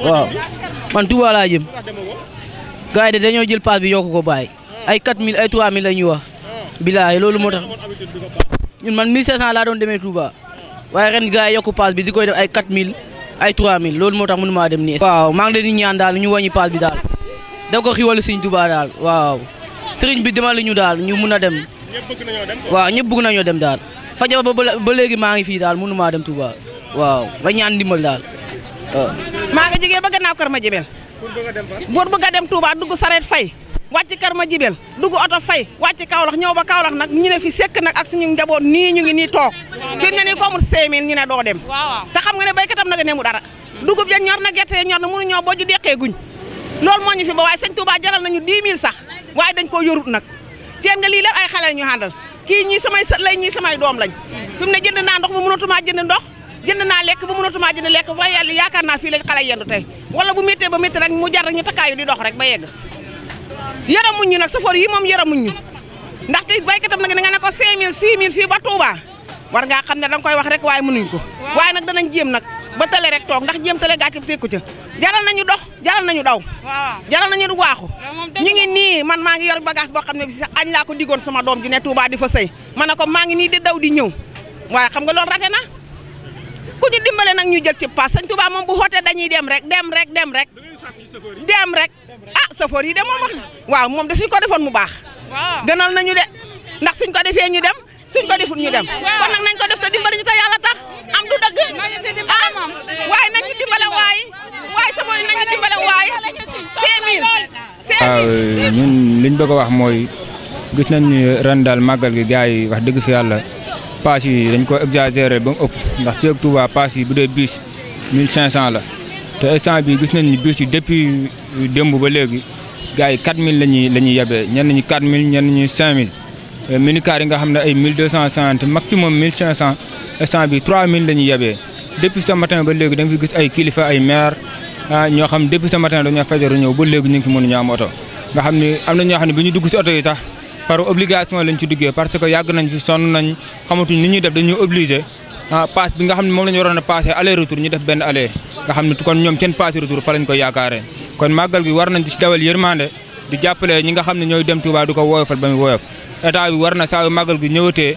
waaw man Touba laa jëm de dañoo jël paas bi yokk ko bàyyi ay 4000 ay 3000 la ñuy wax bilaay loolu moo tax ñun man 1500 laa doon demee Touba waaye ren gars yokku paas bi di koy def ay 4000 ay 3000 loolu moo tax mënu maa dem ni waaw maa ngi leen di ñaan daal ñu wàññi paas bi daal da ko xiwalu Sëriñ Touba daal waaw sëriñ bi demal ñu daal ñu mun a dem waaw ñëpp bëgg nañoo dem daal fajaba ba ba léegi maa ngi fii daal mënu maa dem Touba waaw nga daal nga jógee ba gannaaw kër ma jibel pour bëgg a dem Touba dugg sareet fay wàcc kër ma jibel dugg oto fay wàcc Kaolack ñëw ba Kaolack nag ñu ne fi sekk nag ak ñu njaboot nii ñu ngi nii toog fi mu ne ko amul seemin ñu ne doo dem te xam nga ne béykatam nag ne mu dara dugub ja ñor na gerte ya ñor na mënu ñoo bojju deqee guñ loolu moo ñu fi ba waaye sëñ Touba jaral nañu 10 000 sax waaye dañ koo yorut nag ceen nga lii la ay xale ñu àndal kii ñii samay sët lay samay doom lañ fi mu ne jënd naa ndox mënatumaa jënd ndox jënd naa lekk ba mënatumaa jënd lek ba yalla yaakar na fi lañ xala yëndu tay wala bu méttee ba métti rek mu jar ñu takkayu di dox rek ba yegg yaramuñ ñu nag safoor yi mom yaramuñ ñu ndaxte baykatam nag da nga ne ko 5000 6000 fi ba Touba war nga xamne dang koy wax rek way mënuñ ko way nak danañ jëm nak ba télé rek tok ndax jéem tale gàcce tekku ci jaral nañu dox jaral nañu daw jaral nañu du waxu ñi ngi ni man ma ngi yor bagage bo xamne ne bi sax añ laa ko digon sama dom ji ne Touba di fa sëy ma ne ko ngi ni di daw di ñew waaye xam nga lool rate na ku ñu dimbalé nak ñu jël ci pass señ Tuubaa mom bu hoté dañuy dem rek dem rek dem rek dem rek ah safoor yi dem mom. wax waaw mom da suñ ko defon mu baax gënal nañu dé ndax suñ ko défé ñu dem suñ ko deful ñu dem kon nak nañ ko def te dimbalé ñu te yalla tax am du dëgg ah waaye nañ ñu dimbale waay waaye safoor yi nañ ñu dimbale waay cinq mille ah, ñun liñ bëgg wax moy gis nañ ni randal magal gi gaay wax dëgg fi yalla paas yi dañ ko exagéré ba ëpp ndax fii ak Touba paas yi bu dee bus 1500 la te instant bi gis nañ ni bus yi depuis démb ba léegi gars yi 4000 la ñuy la ñuy yebee ñenn ñi 4000 ñenn ñi 5000. Euh, minicar yi nga xam ne ay 1250 maximum 1500 instant bi 3000 la ñuy yebee depuis ce matin ba léegi da nga fi gis ay kilifa ay maire ah, ñoo xam depuis ce matin dañoo fajaru ñëw ba léegi ñu ngi fi mënuñu am oto nga xam ne am na ñoo xam ne bi ñu dugg si oto yi tax. par obligation lañ ci duggee parce que yàgg nañ fi sonn nañ xamatuñ ñuy def dañuy obligé ah paas bi nga xam ne moom la ñu waroon a passé aller retour ñu def benn aller nga ne kon ñoom seen passé retour fa lañ ko yaakaaree kon màggal gi war nañ ci dawal yërmande di jàppale ñi nga xam ne ñooy dem Touba du ko woyofal ba mu woyof état bi war na saa gi ñëwatee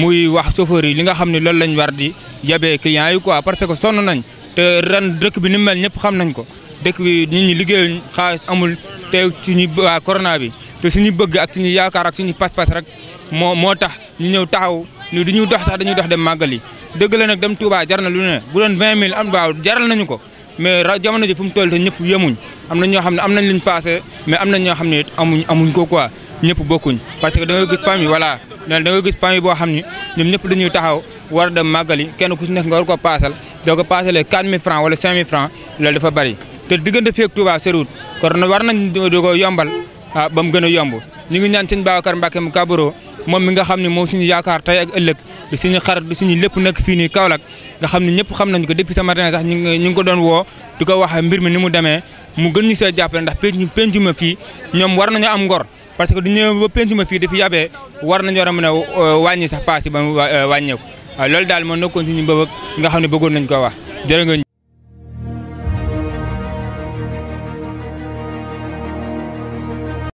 muy wax chauffeur yi li nga xam ne loolu lañ war di yabee clients yi quoi parce que sonn nañ te ren dëkk bi ni mel ñëpp xam nañ ko dëkk bi nit ñi liggéeyuñ xaalis amul te ci ñu waa corona bi te suñu bëgg ak suñu yaakaar ak suñu pas-pas rek moo moo tax ñu ñëw taxaw ñu du ñu dox sax dañuy dox dem màggal yi dëgg la nag dem Touba jar na lu ne bu doon 20 000 am waaw jaral nañu ko mais jamono ji fu mu toll te ñëpp yemuñ am na ñoo xam ne am nañ luñ passé mais am na ñoo xam ne it amuñ amuñ ko quoi ñëpp bokkuñ parce que da nga gis famille voilà da nga gis famille boo xam ne ñoom ñëpp dañuy taxaw war a dem màggal yi kenn ku ci nekk nga war ko paasal doo ko paasalee 4000 francs wala 5000 francs loolu dafa bari te diggante feeg Touba serut kon war nañ di ko yombal ah ba gën a yomb ñu ngi ñaan sëñ Babacar Mbacke mu Kabaro moom mi nga xam ne moo suñu yaakaar tey ak ëllëg di suñu xarit di suñu lépp nag fii nii Kaolack nga xam ne ñëpp xam nañ ko depuis ce matin sax ñu ngi ñu ngi ko doon woo di ko wax mbir mi ni mu demee mu gën ñu see jàppale ndax penc penc ma fii ñoom war nañu am ngor parce que du ñëw ba penc ma fii dafi yabee war nañu war a mën a euh, wàññi sax paas ba mu euh, wàññeeku waaw ah, loolu daal moo nekkoon suñu mbëbëg nga xam ne bëggoon nañ ko wax